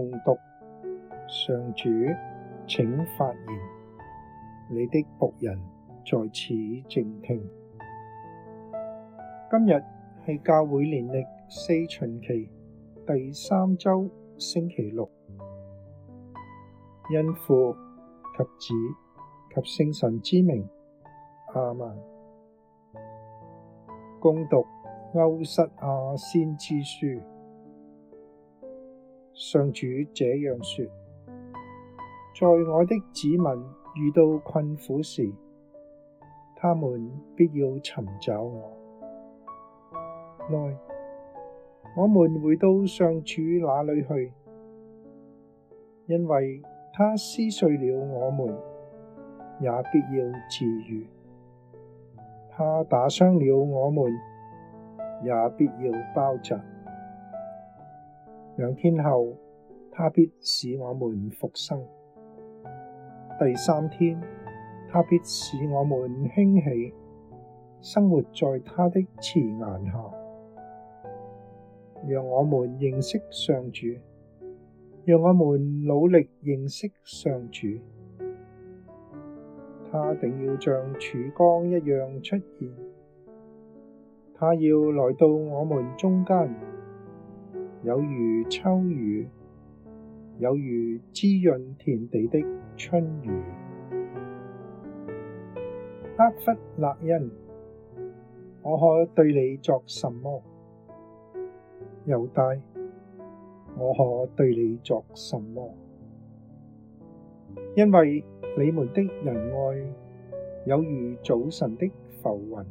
誦讀上主，請發言，你的僕人在此靜聽。今日係教會年曆四旬期第三周星期六，因父及子及聖神之名阿們恭讀歐瑟亞先知書。上主這樣說：在我的子民遇到困苦時，他們必要尋找我：「來，我們回到上主那裏去，因為他撕碎了我們，也必要治愈；他打傷了我們，也必要包紮。」兩天後，他必使我們復生；第三天，他必使我們興起，生活在他的慈顏下。讓我們認識上主，讓我們努力認識上主。他定要像曙光一樣出現，他要來到我們中間。有如秋雨，有如滋潤田地的春雨。厄弗辣因，我可對你作什麼？猶大，我可對你作什麼？因為你們的仁愛有如早晨的浮雲，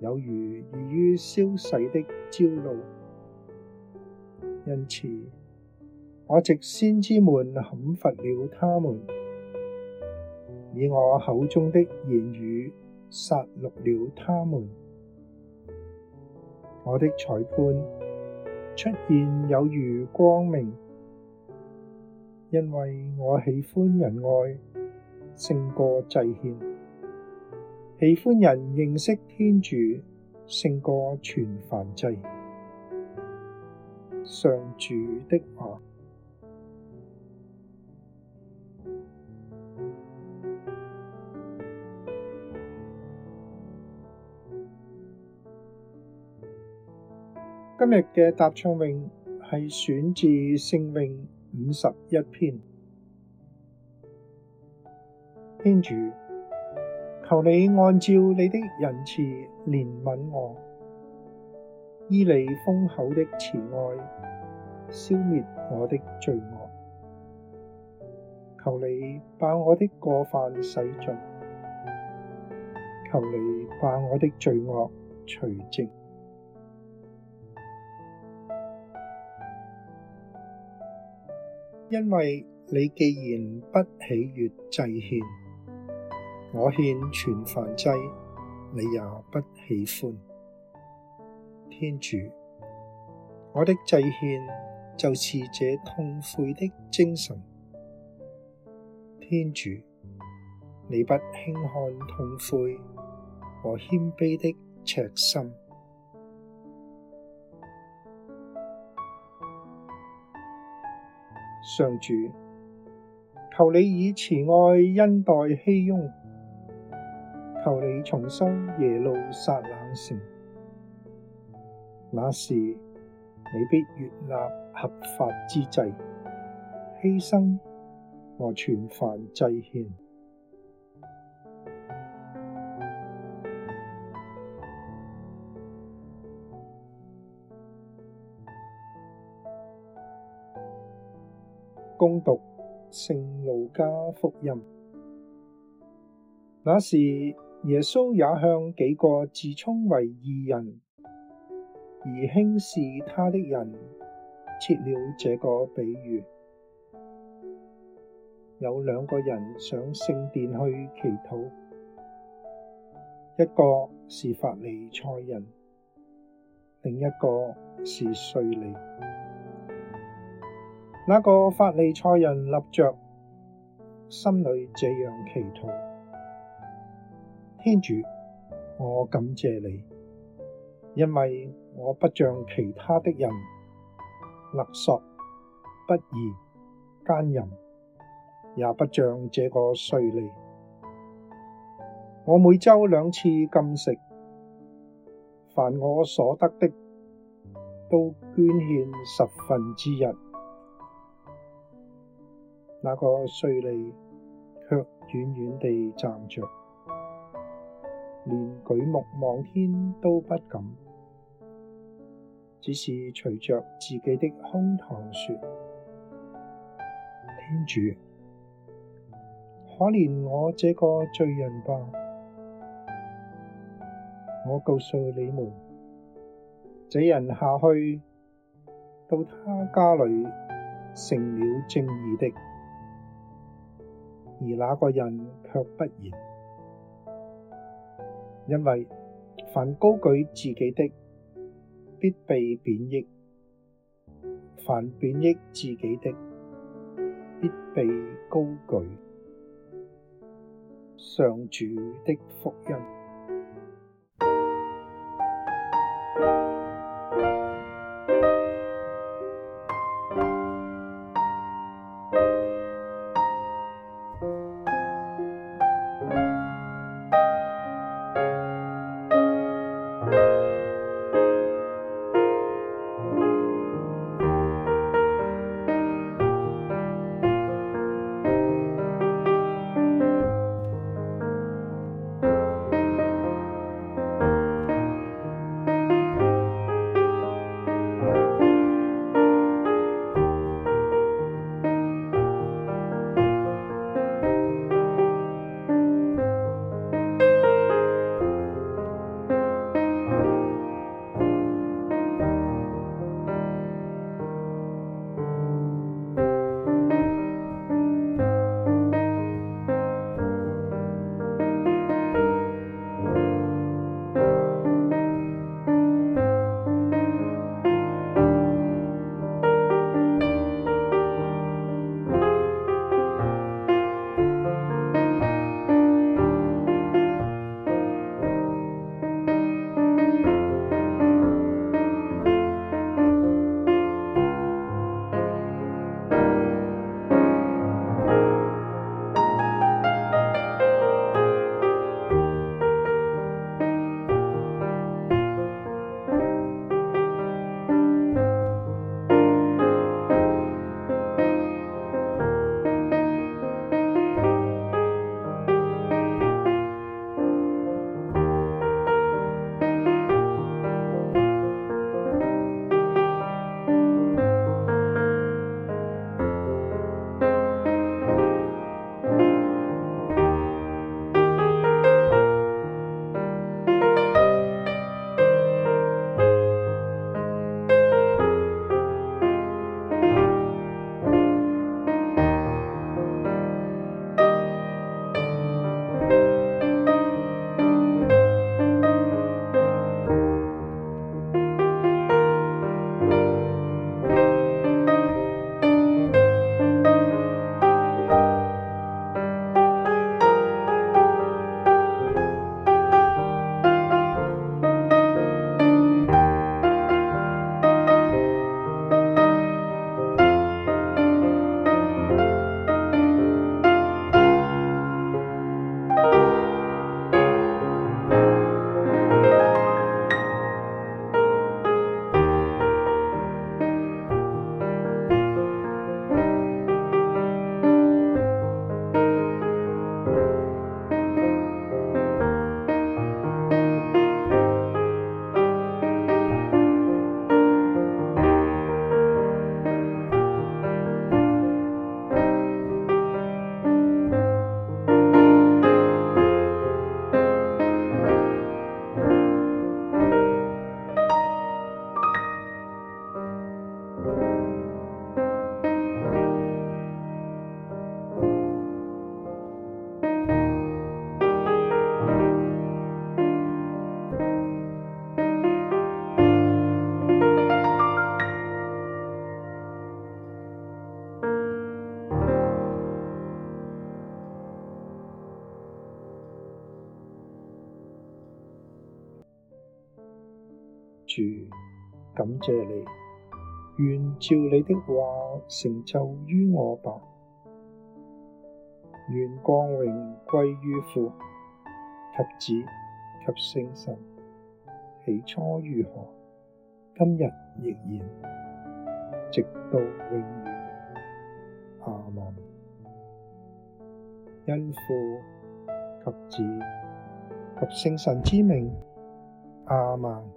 有如易於消逝的朝露。因此，我藉先知們砍伐了他們，以我口中的言語殺戮了他們。我的裁判出現有如光明，因為我喜歡仁愛勝過祭獻，喜歡人認識天主勝過全燔祭。上主的話。啊，今日嘅答唱詠係選自聖詠五十一篇。天主，求你按照你的仁慈憐憫我。依你豐厚的慈愛，消滅我的罪惡。求你把我的過犯洗盡，求你把我的罪惡除淨。因為你既然不喜悅祭獻，我獻全燔祭，你也不喜歡。天主，我的祭獻就是這痛悔的精神。天主，你不輕看痛悔和謙卑的赤心。上主，求你以慈愛恩待熙雍，求你重修耶路撒冷城。那時，你必悅納合法之祭，犧牲和全燔祭獻。恭讀聖路加福音。那時，耶穌也向幾個自充為義人。而輕視他的人設了這個比喻：有兩個人上聖殿去祈禱，一個是法利塞人，另一個是稅吏。那個法利塞人立著，心裏這樣祈禱：天主，我感謝你。因為我不像其他的人，勒索、不義、奸淫，也不像這個稅吏。我每週兩次禁食，凡我所得的，都捐獻十分之一，那個稅吏却遠遠地站着，連舉目望天都不敢。只是捶着自己的胸膛説：天主，可憐我這個罪人吧！我告訴你們，這人下去，到他家裏，成了正義的，而那個人卻不然，因為凡高舉自己的，必被貶抑，凡貶抑自己的，必被高舉。上主的福音。感謝你，願照你的話成就於我吧。願光榮歸於父及子及聖神，起初如何，今日亦然，直到永遠。阿們。因父及子及聖神之名。阿們。